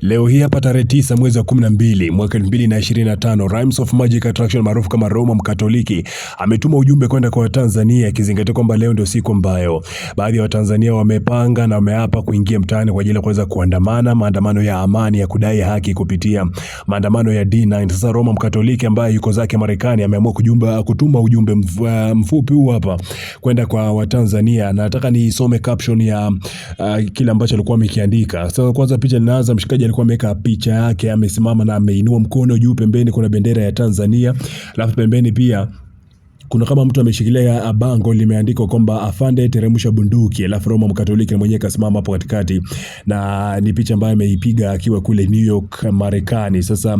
Leo hii hapa tarehe 9 mwezi wa 12 mwaka 2025, Rhymes of Magic Attraction maarufu kama Roma Mkatoliki ametuma ujumbe kwenda kwa Watanzania akizingatia kwamba leo ndio siku ambayo baadhi ya wa Watanzania wamepanga na wameapa kuingia mtaani kwa ajili ya kuweza kuandamana, maandamano ya amani ya kudai haki kupitia maandamano ya D9. Sasa Roma Mkatoliki ambaye yuko zake Marekani ameamua kujumba kutuma ujumbe eh, mfupi huu hapa kwenda kwa Watanzania. Nataka nisome caption ya uh, kile ambacho alikuwa amekiandika. Sasa kwanza picha ninaanza mshikaji alikuwa ameweka picha yake amesimama na ameinua mkono juu. Pembeni kuna bendera ya Tanzania, alafu pembeni pia kuna kama mtu ameshikilia uh, bango limeandikwa kwamba afande uh, teremsha bunduki, alafu Roma Mkatoliki na mwenyewe kasimama hapo katikati, na ni picha ambayo ameipiga akiwa kule New York Marekani. Sasa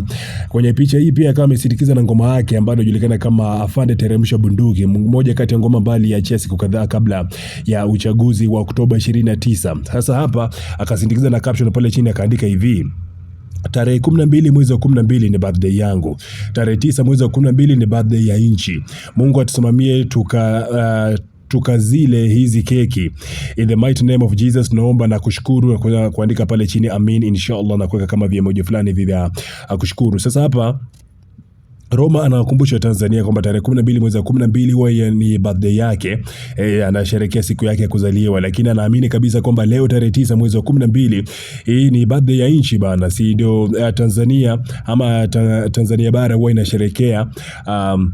kwenye picha hii pia akawa amesindikiza na ngoma yake ambayo inajulikana kama afande uh, teremsha bunduki, moja kati ya ngoma mbali ya chesi kadhaa kabla ya uchaguzi wa Oktoba 29. Sasa hapa akasindikiza na caption pale chini akaandika hivi Tarehe 12 mwezi wa 12 ni birthday yangu. Tarehe tisa mwezi wa 12 ni birthday ya nchi. Mungu atusimamie tuka uh, tukazile hizi keki in the mighty name of Jesus. Naomba na kushukuru kuandika pale chini amin, inshallah, na kuweka kama viemoji fulani hivi vya uh, kushukuru. Sasa hapa Roma anawakumbusha Tanzania kwamba tarehe 12 mwezi wa 12 huwa ni birthday yake e, anasherehekea siku yake ya kuzaliwa, lakini anaamini kabisa kwamba leo tarehe 9 mwezi wa 12 hii e, ni birthday ya nchi bana, si ndio? E, Tanzania ama ta, Tanzania bara huwa inasherehekea um,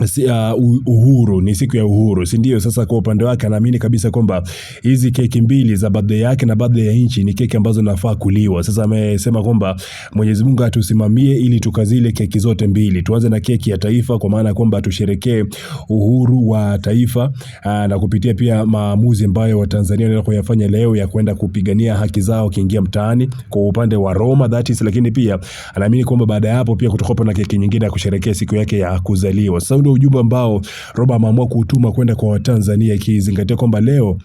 Uh, uhuru ni siku ya uhuru, si ndio? Sasa kwa upande wake anaamini kabisa kwamba hizi keki mbili za birthday yake na birthday ya nchi ni keki ambazo nafaa kuliwa. Sasa amesema kwamba Mwenyezi Mungu atusimamie ili tukazile keki zote mbili, tuanze na keki ya taifa, kwa maana kwamba tusherekee uhuru wa taifa aa, uh, na kupitia pia maamuzi ambayo Watanzania wanaenda kuyafanya leo ya kwenda kupigania haki zao kiingia mtaani kwa upande wa Roma that is, lakini pia anaamini kwamba baada ya hapo pia kutakuwa na keki nyingine ya kusherekea siku yake ya kuzaliwa. Sasa ndio ujumbe ambao Roba ameamua kuutuma kwenda kwa Watanzania, ikizingatia kwamba leo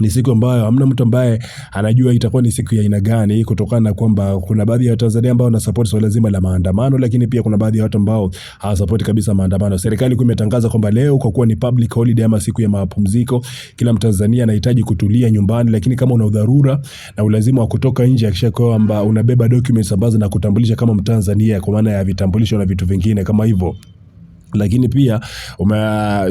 ni siku ambayo hamna mtu ambaye anajua itakuwa ni siku ya aina gani, kutokana na kwamba kuna baadhi ya Watanzania ambao support swala zima la maandamano, lakini pia kuna baadhi ya watu ambao hawasapoti kabisa maandamano. Serikali kuu imetangaza kwamba leo, kwa kuwa ni public holiday ama siku ya mapumziko, kila Mtanzania anahitaji kutulia nyumbani, lakini kama una udharura na ulazima wa kutoka nje, hakikisha kwamba unabeba documents ambazo na kutambulisha kama Mtanzania, kwa maana ya vitambulisho na vitu vingine kama hivyo lakini pia ume,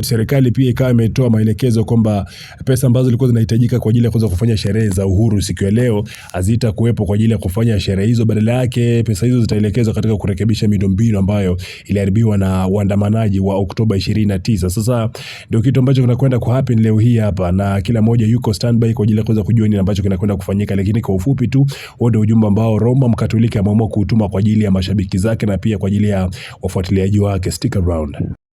serikali pia ikawa imetoa maelekezo kwamba pesa ambazo zilikuwa zinahitajika kwa ajili ya kuweza kufanya sherehe za uhuru siku ya leo hazita kuwepo kwa ajili ya kufanya sherehe hizo. Badala yake pesa hizo zitaelekezwa katika kurekebisha miundombinu ambayo iliharibiwa na waandamanaji wa Oktoba 29. Sasa ndio kitu ambacho kinakwenda ku happen leo hii hapa, na kila mmoja yuko standby kwa ajili ya kuweza kujua nini ambacho kinakwenda kufanyika. Lakini kwa ufupi tu, huo ndio ujumbe ambao Roma Mkatoliki ameamua kuutuma kwa ajili ya mashabiki zake na pia kwa ajili ya wafuatiliaji wake. Stick around. ground